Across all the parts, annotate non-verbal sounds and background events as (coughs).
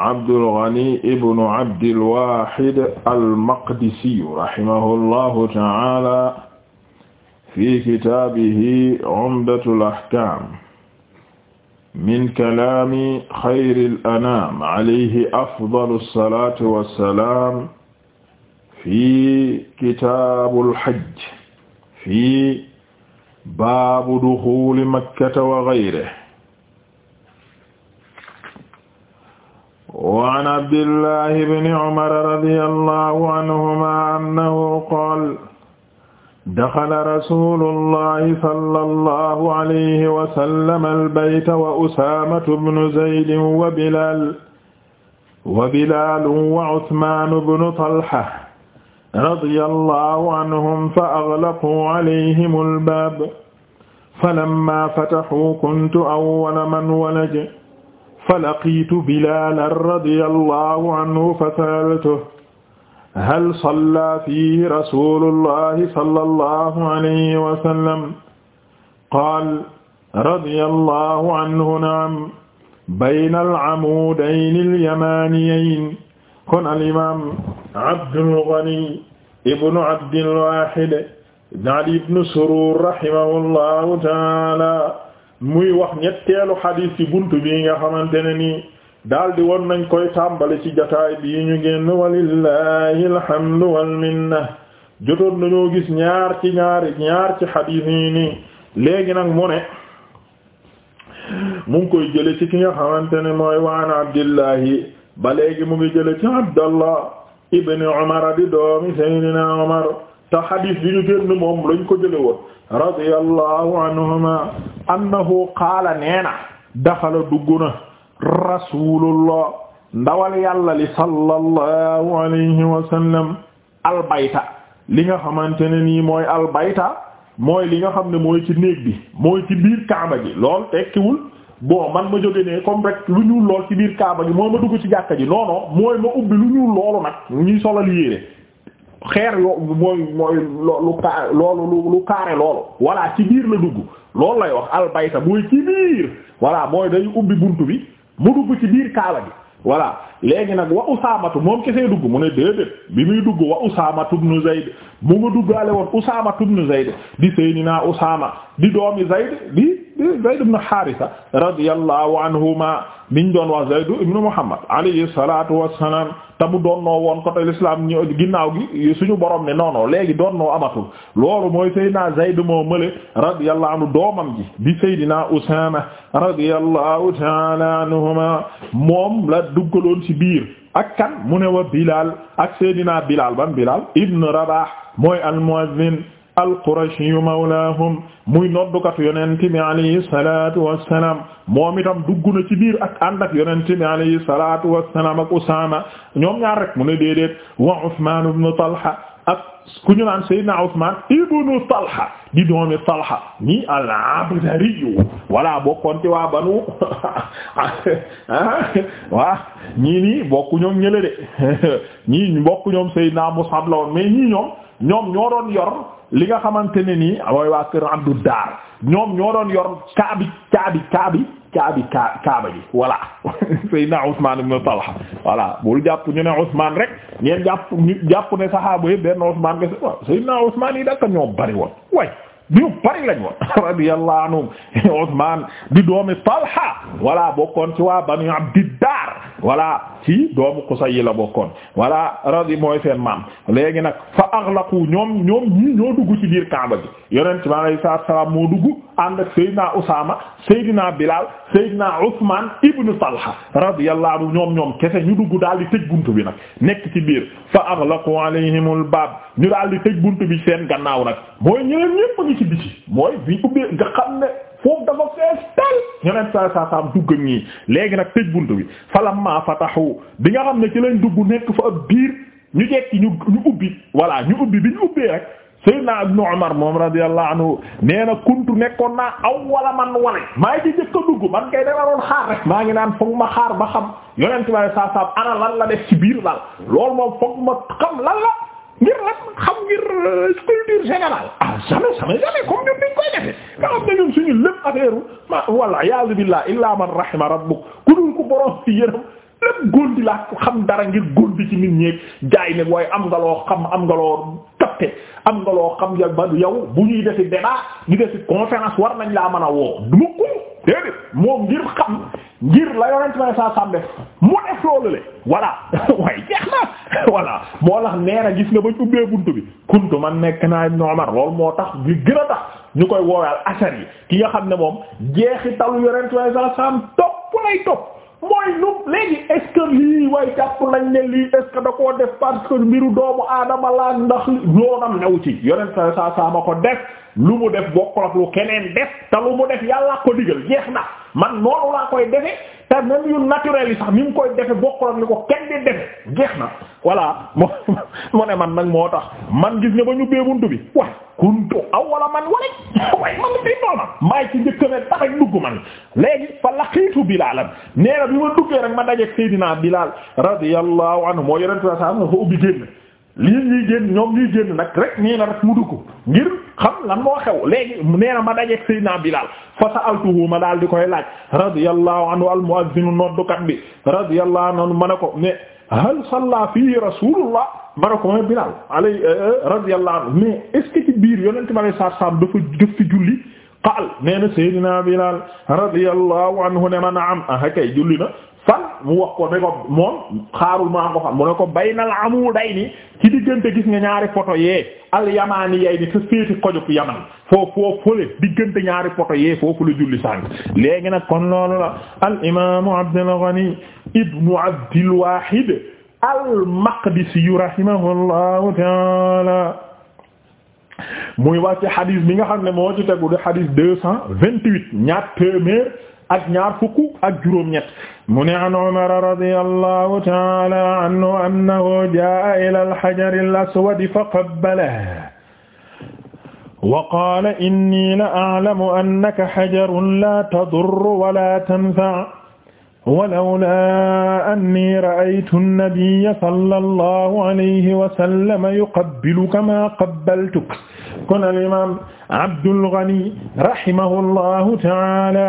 Abdul Ghani ibnu Abdil Wahid al-Maqdisi rahimahullahu ta'ala fi kitaabihi Umdatul Ahkaam min kalaami xayril anaam alayhi afdalu salaatu wa salaam fi kitaabul hajj fi baabu duxuuli makkata wa xayrihi waan abdillahi bni umara radiyallahu anhuma annahu qaal daxala rasulullahi sallallahu alayhi wa sallam albayta wa usaamatu bnu zaydin wa bilaal wa bilaalun wa usmaanu bnu talha radiyallahu anhum fa aglaquu alayhim albaab falammaa fataxuu kuntu awwala man walaja falaqiitu bilalan radiyallahu anhu fasaltuhu hal salla fiihi rasuulullahi sallallahu alayhi wa sallam qaala radiyallahu anhu na'am bayna al-amuudayni al-yamaaniyayni kon al-imaam Abdul Ghani ibn Abdil Waahid ibn Ali ibn Suruur rahimahullahu ta'aala muy wax ñetteelu xadiis ci bunt bi nga xamante ne nii daldi won nañ koy tàmbali ci jataay bi ñu génn walillahi alhamdu wal minna jotoon nañoo gis ñaar ci ñaari ñaar ci xadiis yi nii léegi nag mu ne mu ngi koy jële ci ki nga xamante ne mooy waan abdillahi ba léegi mu ngi jële ci abdallah ibni umar di doomi seydina umar te xadis bi ñu génn moom lañ ko jële woon radiyallahu anhuma annahu qaala nee na daxala dugg na rasulullah ndawal yàlla li sallallahu alayhi wa sallam albayta li nga xamante ne nii mooy albayta mooy li nga xam ne mooy ci néeg bi mooy ci biir kaaba ji lool tekkiwul bon man ma jóge ne comme rek lu ñuul lool ci biir kaaba gi mooy ma dugg ci jàkka ji non non mooy ma ubbi lu ñuul loolu nag ñuy solal yéere xeer yoo mooy mooy loolu lu kaare loolu voilà ci biir la dugg loolu lay wax albayta mooy ci biir mooy day ubbi bunt bi mu dugg ci biir kaala bi voilà léegi nag wa usaamatu moom kesee dugg mu ne déedéet bi muy dugg wa usaamatu ibn zayd mu nga duggaale woon usaamatu ibn zayd di seydinaa usaama di doomi zayd di zayd ibn haarisa radiyallahu anhuma niñ doon wax Zayd ibnu Muhammad alayhi salaatu wassalaam te doon woon côté l'islam ñëw ginnaaw gi suñu borom ne non non léegi doon noo amatul loolu mooy Seydina Zayd moo mële radiyallahu anhu doomam ji bi Seydina Usaama radiyallahu ta'ala moom la duggaloon ci biir ak kan mu ne wa Bilal ak Seydina Bilal ban Bilal ibnu Rabah mooy al alqurashiyu mawlaahum muy noddukatu yonent bi alayhi wassalaam moom itam dugg na ci biir ak ànd ak yonent bi alayhi salaatu wassalaam ak Usaama ñoom ñaar rek mu ne déedéet wa Usmaan ibn Talha ak ku ñu naan Seydina Usmaan ibnu Talha di doomi Talha ni al (laughs) ah, bokku ñoom ñële de (laughs) ñii bokku ñoom Seydina Mus'ab la woon mais ñii ñoom ñoom ñoo doon yor li nga xamante ne nii mooy waa kër Abdu Daar ñoom ñoo doon yor kaabi kaabi kaabi kaabi ka kaaba ji voilà (laughs) Seydina Ousmane ibn Talha voilà bul jàpp ñu ne Ousmane rek ñeen jàpp ñu jàpp ne saxaaba yi benn Ousmane nga Seydina Ousmane yi daka ñoo bari woon way ñu bari lañ woon (laughs) radiyallahu anhum Usmaan di doomi Talha wala bokkoon ci waa Banu Abdiddaar wala ci doomu Qusay yi la bokkoon wala radi mooy seen maam léegi nag fa aghlaqu ñoom ñoom ñii ñoo dugg ci biir Kaaba gi yonent bi alayhi salaam moo dugg ànd ak Seydina Usaama Seydina Bilaal Seydina Usmaan ibnu Talha radiyallahu anhu ñoom ñoom kese ñu dugg daal di tëj buntu bi nag nekk ci biir fa aghlaqu alayhimul baab ñu daal di tëj bunt bi seen gannaaw nag mooy ñeneen ñépp a ngi ci biti mooy bi ubbee nga xam ne foofu dafa fees tal ñeneen saa saa saam dugg ñii léegi nag tëj buntu bi falamma fatahu bi nga xam ne ci lañ dugg nekk fa ab biir ñu jekki ñu ñu ubbi voilà ñu ubbi bi ñu ubbee rek Seydina Ibnu Umar moom radiyallahu anhu nee na kuntu nekkoon naa aw wala man wale maa ngi jëkk a dugg man kay dama xaar rek maa ngi naan foog ma xaar ba xam yonent bi sallallahu alayhi wasallam ana lan la def ci biir daal loolu moom foog xam la ngir lan xam ngir euh, culture générale ah jamais jamais jamais comme ñun dañ koy defee nga xam ne ñun suñu lépp affaire ma billah illaa man rahima rabbuk ku dul ko borom ci yërëm lépp góondi laa ko xam dara ngir góondi ci nit ñeeg jaay ne am nga xam am nga loo am nga loo xam ba yow bu ñuy defi débat ñu defi conférence war nañ laa mën a woo du ma ko moo ngir xam. ngir la yonent may saa sàmm def mu def loolu le voilà (laughs) waaye jeex na (laughs) voilà moo tax neera gis nga ba ñu bunt bi kuntu man nekk naa Ibn Umar moo tax bi gën a tax ñu koy woowal asar yi ki nga xam ne moom jeexitalu yonent may saa sàmm topp lay topp mooy nu léegi est ce que lii way jàpp nañ ne lii est da koo def parce mbiru doomu aadama laa ndax yoonam new ci yonent saa saa ma ko def lu mu def bokkul ak lu keneen def te lu mu def yàlla ko digal jeex na man noonu laa koy defe te na yu naturel yi sax mi koy defe bokkul ak ko kenn di defe geex na voilà mo mu ne man nag moo tax man gis nga ba ñu bee buntu bi waaye kuntu awwala man wala man bi noona ci njëkk ne tax ak dugg man léegi fa laqiitu Bilaal nee na bi ma duggee rek ma dajeek Seydina Bilaal radiyallahu anhu moo yonent sa sa fa ubbi génn lii ñuy génn ñoom ñuy génn nag rek nii rek mu dugg ngir xam lan moo xew léegi nee ma dajeeg Seydina Bilal fa sa'altuhu ma daal di koy laaj radiyallahu anhu al mu'azzinu noddukat bi radiyallahu anhu ma ne ko mais hal salla fii rasulullah ma ko ma Bilal alay euh, euh, radiyallahu anhu mais est biir yonente bi alei salaam dafa def julli qaal nee na Seydina Bilal radiyallahu anhu ne ma naam ah julli na fan mu wax ko ne ko moom xaarul maa ko fan mu ne ko baynal amudayni ci diggante gis nga ñaari poto yee alyamaani yay ni sa féeti kojub yaman foofu foofu fële diggante ñaari photo yee foofu la julli sànq léegi nag kon loolu la al imaamu Abdul Ghani ibnu Abdil Wahid al Maqdisi rahimahullahu taala muy wax ci xadis nga xam ne moo ci tegu di xadis deux cent vingt-huit ñaar téeméer ak ñaar fukk ak juróom-ñett mu ne an umara radiyallahu ta'ala anhu annahu jaa'a ila al-hajar al-aswad faqabbalahu wa qaala inni la a'lamu annaka hajarun laa tadurru wa laa tanfa'u walawlaa anni ra'aytu an-nabiyya sallallahu alayhi wa sallam yuqabbiluka maa qabbaltuka kon al-imaam Abdul Ghani rahimahullahu ta'ala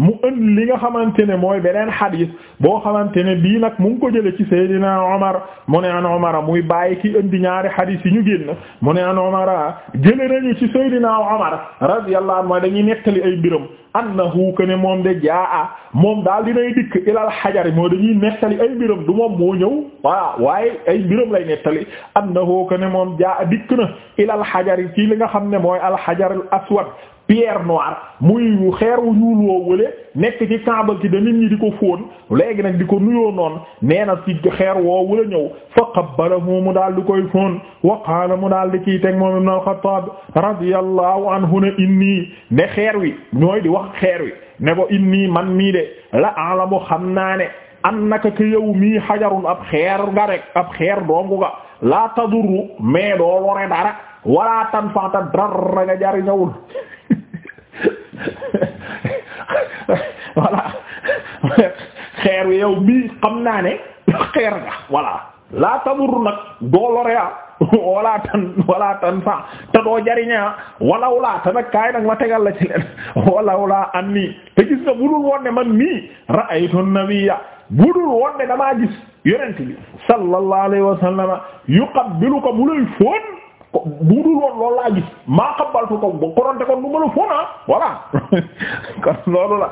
mu ënd li nga xamante ne mooy beneen xadis boo xamante ne bii nag mu ko jële ci Seydina Omar mu ne an Omar muy bàyyi ki indi ñaari xadis yi ñu génn mu ne an Omar jële nañu ci Seydina Omar radiyallahu anhu dañuy nettali ay mbiram annahu ne moom de jaa moom daal dinay dikk ilal xajari moo dañuy nettali ay mbiram du moom moo ñëw waa waaye ay mbiram lay nettali annahu ne moom jaa dikk na ilal xajari kii li nga xam ne mooy alxajar al aswad pierre noire muy xeer wu ñuul woo wële nekk ci kaaba gi da nit ñi di ko fóon léegi nag di ko nuyoo noonu nee na ci xeer woo wële ñëw fa qabbalahu mu daal di koy fóon wa qaala mu daal di kii teg moom ibn al-Khattab radiyallahu anhu ne innii ne xeer wi ñooy di wax xeer wi ne ko innii man mii de la alamu xam naa ne annaka ka yow mii xajarun ab xeer nga rek ab xeer dongu nga laa tadurru mais doo lore dara wala tanfa'ta dara nga jariñawul (laughs) voilà xeer wi yow bii xam naa ne xeer nga voilà laa tabur nag doo lore ah. (laughs) wala tan wala tan fa te doo jariña ah. walaw laa te nag kaay nag ma tegal la ci leen (laughs) walaw laa am nii budul woon man mii ra'aytu nabiyya budul woon ne damaa gis yonent bi sallallahu alayhi wa sallama yuqabbiluka mu lay fóon bu dul woon loolu laa gis maa ko ba kon nu ma la fona voilà (laughs) kon loolu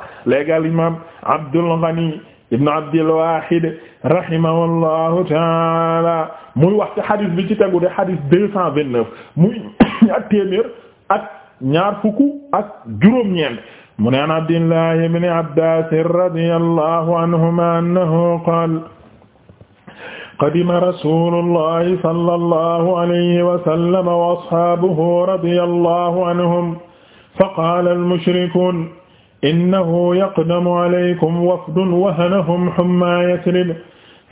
imam Abdul Ghani ibn Abdul Wahid rahimahullahu taala muy wax ci xadis bi ci tegu de xadis deux cent vingt muy (coughs) ak téeméer ak ñaar fukk ak juróom-ñeent mu ne an Abdillahi ibn Abbas radiyallahu anhuma annahu qala qadima rasulullahi sallallahu alayhi wa sallam wa ashaabuhu radiyallahu anhum faqaala almushrikuun innahu yaqdamu alaykum wafdun wahanahum hummaa yatrib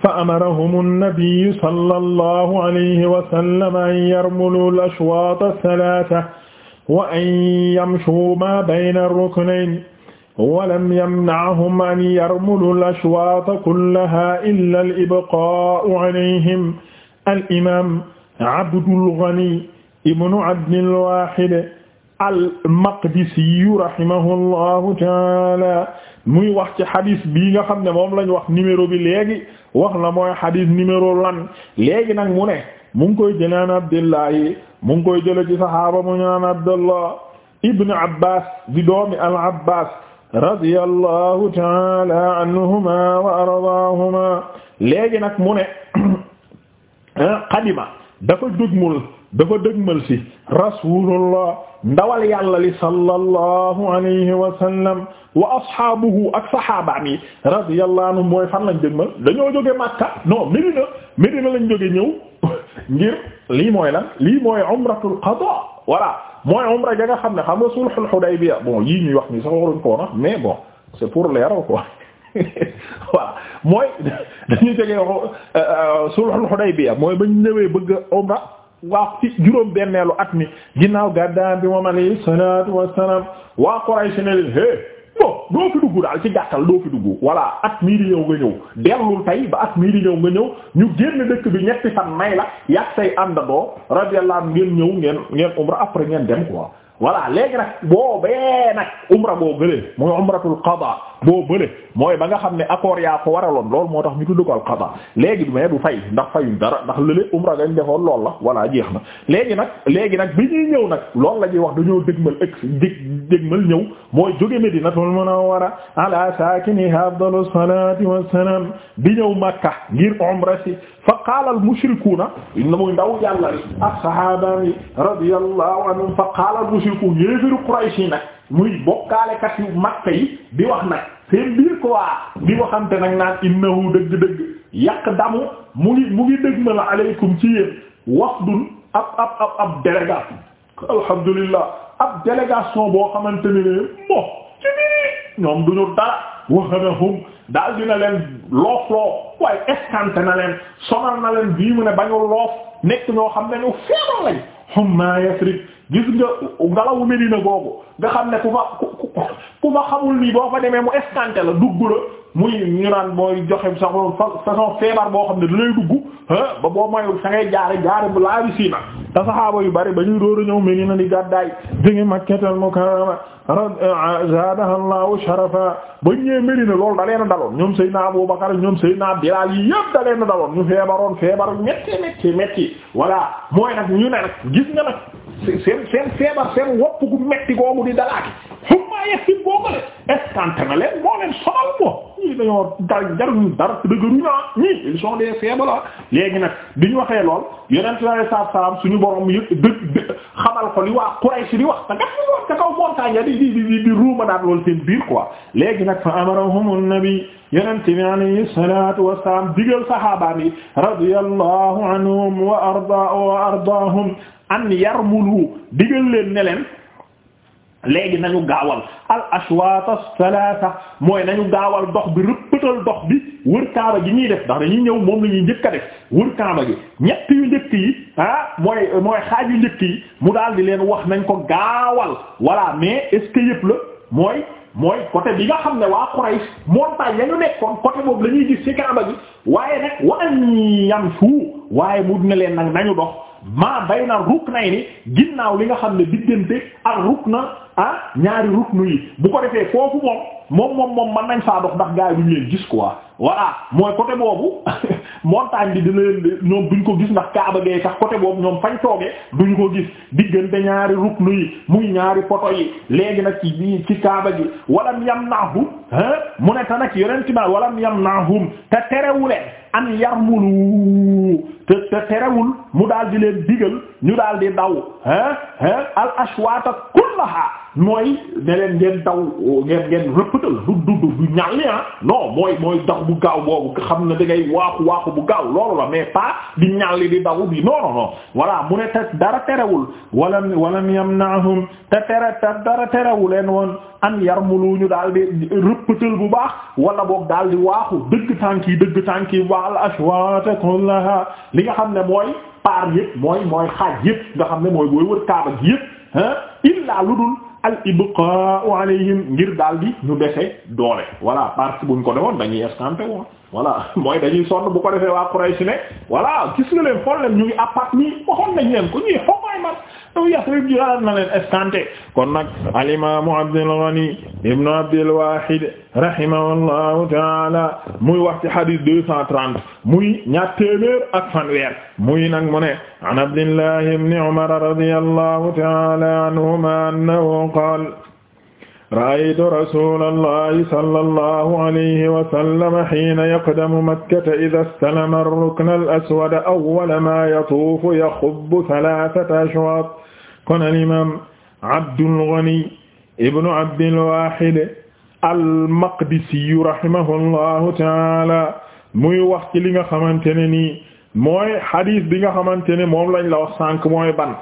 fa amarahum annabiyu sallallahu alayhi wa sallam an yarmuluu al-ashwaata ath-thalaatha wa an yamshuu maa bayna ar-ruknayn walam yamna'hum an yarmulu al-ashwaata kullahaa illaa al-ibqaa'u alayhim al-imaam Abdul Ghani ibnu Abdil Waahid al-Maqdisi rahimahullahu ta'aala muy wax ci xadis bii nga xam ne moom lañ wax numéro bi léegi wax la mooy xadis numéro lan léegi nag mu ne mu ngi koy jëlee an Abdullahi mu ngi koy jëlee ci saxaaba mu ñaan Abdullah ibnu Abbas di doomi al-Abbas radiyallahu taala anhuma wa ardaahuma léegi nag mu ne qadima dafa dëgmal dafa dëgmal si rasulullah ndawal yàlla li sallallahu alayhi wa sallam wa ashaabuhu ak saxaabaam yi radiyallahu anhum mooy fan lañ dëgmal dañoo jóge Makka non Medina Medina lañ jóge ñëw ngir lii mooy lan lii voilà mooy umra ja nga xam ne xam nga sulhul Hudaybiya bon yii ñuy wax nii sax waruñ ko wax mais bon c'est pour leeral quoi (laughs) voilà mooy dañuy jege euh, sulhul Hudaybiya mooy ba ñu bëgg umra waaw ci juróom benneelu at mi ginnaaw gàddaa bi moom alayhi salaatu wassalaam waa Quraysh ne doo fi dugg daal ci gàttal doo fi dugg voilà at mii di ñëw nga ñëw dellul tey ba at mii di ñëw nga ñëw ñu génn dëkk bi ñetti fan may la yàq say àndandoo radiyallahu ngeen ñëw ngeen ngeen umra après ngeen dem quoi voilà léegi nag boo bee nag umra boo gëlee mooy umratul qada boo bële ba nga xam ne accord yaa ko waraloon loolu moo tax mi tudd ko al qada léegi du mais du fay ndax fayuñ dara ndax lële umra gañ defoon lool la voilà jeex na léegi nag léegi nag bi ñuy ñëw nag lool la ji wax dañoo dégmal ëg dég dégmal ñëw mooy jóge Medinatul Munawwara ala saakiniha afdalu salaati wassalaam di ñëw Makka ngir umra si qaala al mushrikuuna na muy ndaw yàlla li as-sahaaba yi radiyallahu anhum fa qaala al mushrikuuna yéefiru Quraysh yi nag muy bokkaalekat yu Makka yi di wax nag seen biir ko waa di waxante nag naan innahu dëgg-dëgg yaqdamu mu ngi mu ngi dëgg ma la aleykum ci yéen wafdun ab ab ab ab délégation alhamdulillah ab délégation boo xamante ne ne mo ci biir ñoom duñu dara waxanahum daal na leen loof loof waaye escanté na leen sonal na leen bii mu ne bañu loof nekk ñoo xam ne ñu feebar lañ humma yasrib gis nga ngelawu Medina boobu nga xam ne ku fa ku ku fa xamul nii boo fa demee mu escanté la dugg la muy ñu naan mooy joxe sax façon feebar boo xam ne da dugg ah ba boo mayul sa ngay jaare jaare bu laabi siina te saxaaba yu bari ba ñuy dóor a ñëw Medina di gàddaay jóge Makkatal Mukarrama zaadaha Allahu sharafa ba ñëwee Medina loolu da leen a daloon ñoom Seydina Abu Bakar ñoom Seydina Bilaal yi yëpp da leen a daloon ñu feebaroon feebar seen seen feebar seen wopp gu metti googu di dalaati xummaa yes si boobale estante na leen moo leen sonal mo ñii dañoo dar jaruñu dar dëgëruñu ah ñii ils sont des faibles la ah. léegi nag bi ñu waxee lool yonent bi alayhi salaatu salaam suñu borom yëpp dë xamal ko li waa Quraysh di wax te nga fi wax ca kaw montagne di di di di ruuma daal loolu seen biir quoi léegi nag fa amarahum an-nabi yonent bi alayhi salaatu wassalaam digal saxaabaan yi radiyallahu anhum wa arda wa ardaahum an yarmulu digal leen ne leen léegi nañu gaawal al ashwaat salaasa mooy nañu gaawal dox bi rëppatal dox bi wër kaaba gi ñuy def ndax dañuy ñëw moom la ñuy njëkk a def wër kaaba gi ñett yu njëkk yi ah mooy mooy xaaj yu njëkk yi mu daal di leen wax nañ ko gaawal voilà mais est la mooy mooy côté bi nga xam ne waa Quraysh montagne yañu nekkoon côté boobu la ñuy gis ci kaaba gi waaye nag wa an yamshu waaye mu dina leen nag nañu dox maa bayna ruknayni ginnaaw li nga xam ne diggante ak rukna ah ñaari ruknu yi bu ko defee foofu moom moom moom moom mën nañ faa dox ndax gars yi duñ leen gis quoi voilà mooy côté boobu (laughs) montagne bi dina ñoom duñ ko gis ndax Kaaba gay sax côté boobu ñoom fañ toogee duñ ko gis diggante ñaari ruknu yi muy ñaari poto yi léegi nag ci ci Kaaba gi walam yamnahum mu ne ta nag yonenti ma walam yamnahum te terewuleen an yarmulu te te terewul mu daal di leen digal ñu daal di daw hein hein al ashwaata kullaha mooy ne leen ngeen daw ngeen ngeen rëppatal du du du ñàlli ah mooy mooy daw bu gaaw boobu xam ne di ngay waaxu waaxu bu gaaw loolu la mais pas di ñàlli di daw bi non non non voilà mu ne te dara terewul wala walam yamna'hum te tere te dara terewu leen woon an yarmulu ñu daal di rëppatal bu baax wala boog daal di waaxu dëgg tànk yi dëgg tànk yi wal ashwaata kullaha li nga xam ne mooy paar yëpp mooy mooy xaaj yëpp nga xam ne mooy booy wër kaaba gi yëpp ah illaa lu dul al ibqa'u alayhim ngir daal di ñu dese doole voilà parce que buñ ko defoon dañuy escampé woon voilà (laughs) mooy dañuy sonn bu ko waa Quraysh ne voilà gis leen xool leen ñu ngi apat nii waxoon nañ leen ko ñuy xomay man aw Yasrib jilaa na leen escanté kon nag al imaamu Abdul Ghani ibnu Abdul Wahid rahimahullahu taala muy wax ci hadith muy nag mu ne an Abdullah ibn Umar radiyallahu taala anhuma annahu qaala ra'aytu rasuulallahi sallallahu alayhi wa sallam hiina yaqdamu makkata idaa istalama ar-rukna al-aswada awwala maa yatuufu yaxubbu salaasata ashwaat kon al-imaam Abdul Ghani ibnu Abdil Waahid al-Maqdisi rahimahullahu ta'aala muy wax ci li nga xamante ne nii mooy xadiis bi nga xamante ne moom lañ la wax sànq mooy ban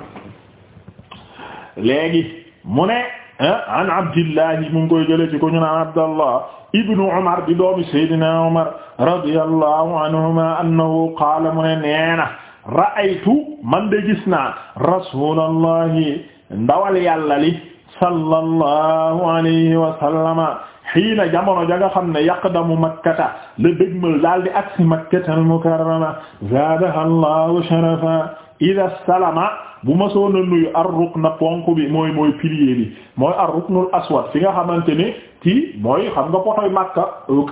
léegi mu ne. Eh, an abdillahi mu ngi koy jële ci ko ñu naan abdallah ibnu umar di doomi saydina umar radiyallahu anhuma annahu qaala mu ne neena ra'aytu man de gis naa rasulallahi ndawal yàlla li sallallahu alayhi wa sallama xiina jamono ja nga xam ne yaqdamu makkata la dégmal daal di aksi makkata al mukarrama zaadaha allahu sharafa ida salama bu ma soon a nuyu arruk na ponk bi mooy mooy pilier bi mooy arruknul aswad fi nga xamante ni ci mooy xam nga potoy makka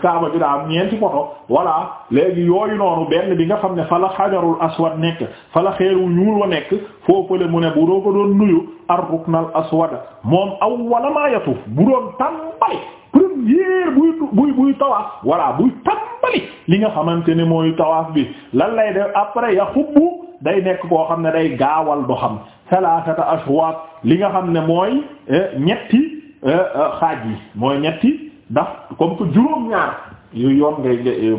kaaba bi daa am ñeenti poto voilà léegi yooyu noonu benn bi nga xam ne fa la xajarul aswad nekk fa la xeeru ñuul wa nekk foofale mu ne bu doo ko doon nuyu arruknal aswad moom awwala ma yatuf bu doon tàmbali premier buy buy buy tawaaf voilà buy tàmbali li nga xamante ni mooy tawaaf bi lan lay def après day nekk koo xam ne day gaawal doxam salatata ashwaq li nga xam ne mooy eh, ñetti eh, eh, xaaj yi mooy ñetti ndax comme que juróom-ñaar yu yoon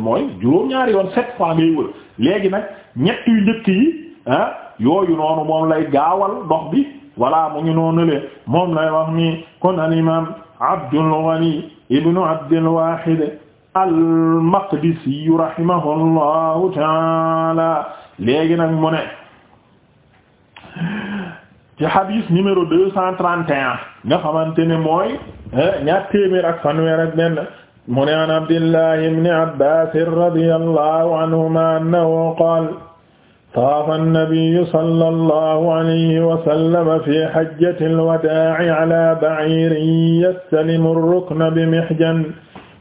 mooy juróom-ñaar yoon sept fois ngay wër léegi nag ñett yu yi ah, yooyu noonu moom lay gaawal dox bi voilà mo ngi noonu le moom lay wax ni kon al imam Abdul Ghani ibnu Abdul Wahid al-Maqdisi rahimahullahu taala léegi nag mu ne ci hadith numéro deux cent trente et un nga xamante ne mooy eh, ñaar téeméer ak fanweer ak benn mu ne an Abdillah ibn Abbas radiyallahu anhuma annahu qaal taafa an-nabiyyu sallallahu alayhi wa sallam fi hajjati al-wadaa'i ala ba'iirin yastalimu ar-rukna bi mihjan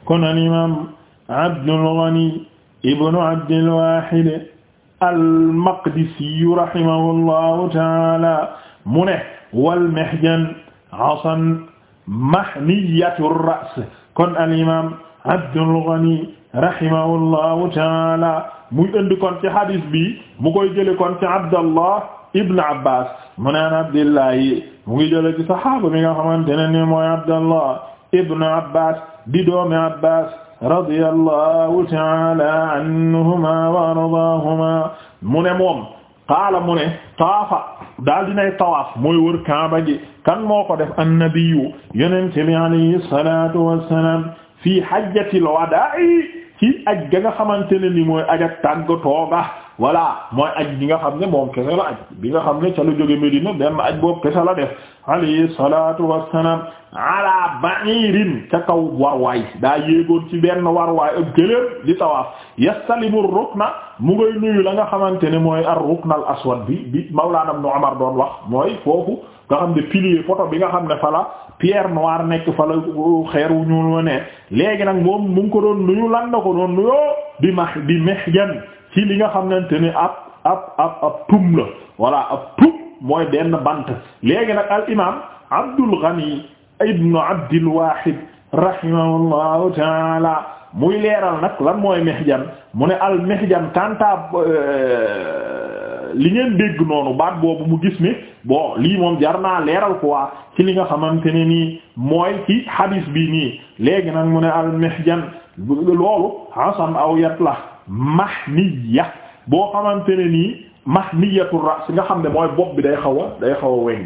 kon al-imaam Abdul Ghani ibn Abdil Waahid al-Maqdisiyu rahimahullahu taala mu ne wal mihjan asan mahniyatu ras kon al-imaam Abdul Ghani rahimahullahu taala muy indi kon ci hadis bi mu koy jëlee kon ci Abdallah ibn Abbas mu naan Abdillah yi mu ngi jëlee ci saxaaba mi nga xamante ne ni mooy Abdallah ibn Abbas di doomi Abbas radiyallahu ta'ala anhuma wa ardaahuma mu ne moom qaala mu ne taafa daal dinay tawaaf mooy wër kaaba gi kan moo ko def annabiyu yonente bi alayhi salatu wassalam fii hajjatil wadaa'i ci aj ga nga xamante ne ni mooy ajak tàggatoo ga voilà mooy aj bi nga xam ne moom kese la aj bi nga xam ne ca lu jóge Medina benn aj boobu kese la def alayhi salatu wassalam ala ba'irin ca kaw warwaay daa yéegoon ci benn warwaay ak gëléem di tawaaf yastalimu rukna mu ngay nuyu la nga xamante ne mooy ar ruknal aswad bi bi Mawlana Ibn Umar doon wax mooy foofu nga xam ne pilier photo bi nga xam ne fa la pierre noire nekk fa la xeer wu ñuul ne léegi nag moom mu ngi ko doon nuyu lan na ko doon nuyoo di max di ci li nga xamante ni ab ab ab tum la voilà ab tum mooy benn bant léegi nag al imam Abdul Ghani ibnu Abdil Wahid rahimahullahu taala muy leeral nag lan mooy mihjan mu ne al mihjan kanta euh, li ngeen dégg noonu baat boobu mu gis ni bon lii moom jar naa leeral quoi ci li nga xamante ne nii mooy ci hadis bi nii léegi nag mu ne al mihjan loolu hasan aw yat la mahniya boo xamante ne nii mahniyatu ra's nga xam ne mooy bopp bi day xaw a day xaw a weng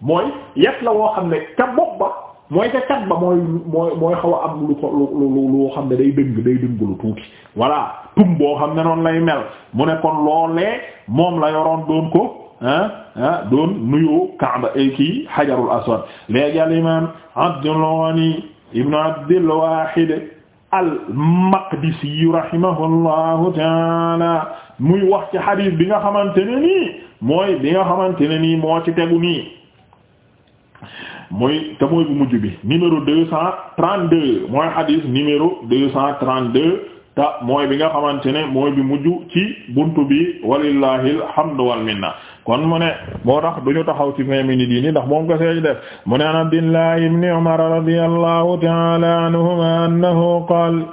mooy yet la woo xam ne ca bopp ba mooy ca kat ba mooy mooy mooy xaw am lu ko lu loo xam ne day dëng day dëng lu tuuti voilà tum boo xam ne noonu lay mel mu ne kon loolee moom la yoroon doon ko ah doon nuyoo Kaaba eh, kii xajarul aswad léegi al imam Abdul Ghani ibnu Abdul Wahid al-Maqdisi rahimahullahu taala muy wax ci xadiis bi nga xamante ne nii mooy bi nga xamante ne nii moo ci tegu nii mooy te mooy bu mujj bi numéro deux cent trente-deux mooy xadiis numéro deux cent trente-deux te mooy bi nga xamante ne mooy bi mujj ci buntu bi walillahi alhamdu wal minna kon mu ne moo tax duñu taxaw ci vingt minutes yi ni ndax moom ko seej def mu ne an abdillahi ibni umar radiyallahu ta'ala anhuma annahu qaala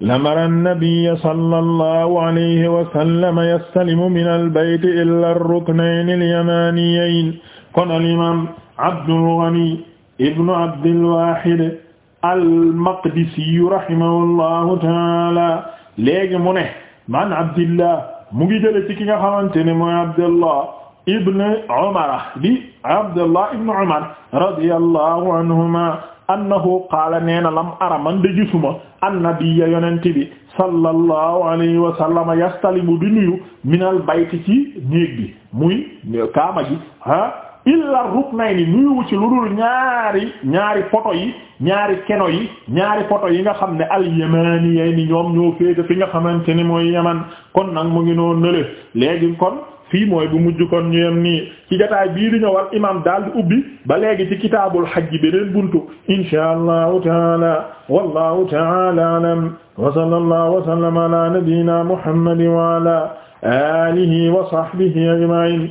lamara nabiyya sallallahu alayhi wa sallam yastalimu minal bayti illaa ruknayni al-yamaniyayni kon al imaam Abdul Ghani ibnu Abdil Waahid al-Maqdisi rahimahullahu taala léegi mu ne man Abdillah mu ngi jële ci ki nga xamante ne mooy Abdullah ibn Umar di Abdullah ibn Umar radiyallahu anhuma annahu qaala nee na lam ara man de gisuma annabiyya yonente bi sallallahu alayhi wa sallama yastalimu di nuyu minal bayt ci néeg bi muy kaama ji ha illa ruknayni nuyuwu ci lu dul ñaari ñaari yi ñaari keno yi ñaari poto yi nga xam ne alyamani yay ni ñoom ñoo féete fi nga xamante ni mooy yaman kon nag mu ngi noo nële léegi kon fii mooy bu mujj kon ñu yem nii ci jotaay bii di ñëwal imam daal di ubbi ba léegi ci kitaabul hajj beneen buntu insha allahu taala wallahu taala alam wa sallallahu wa sallama ala nabiyyina muhammadin wa ala alihi wa sahbihi ajma'in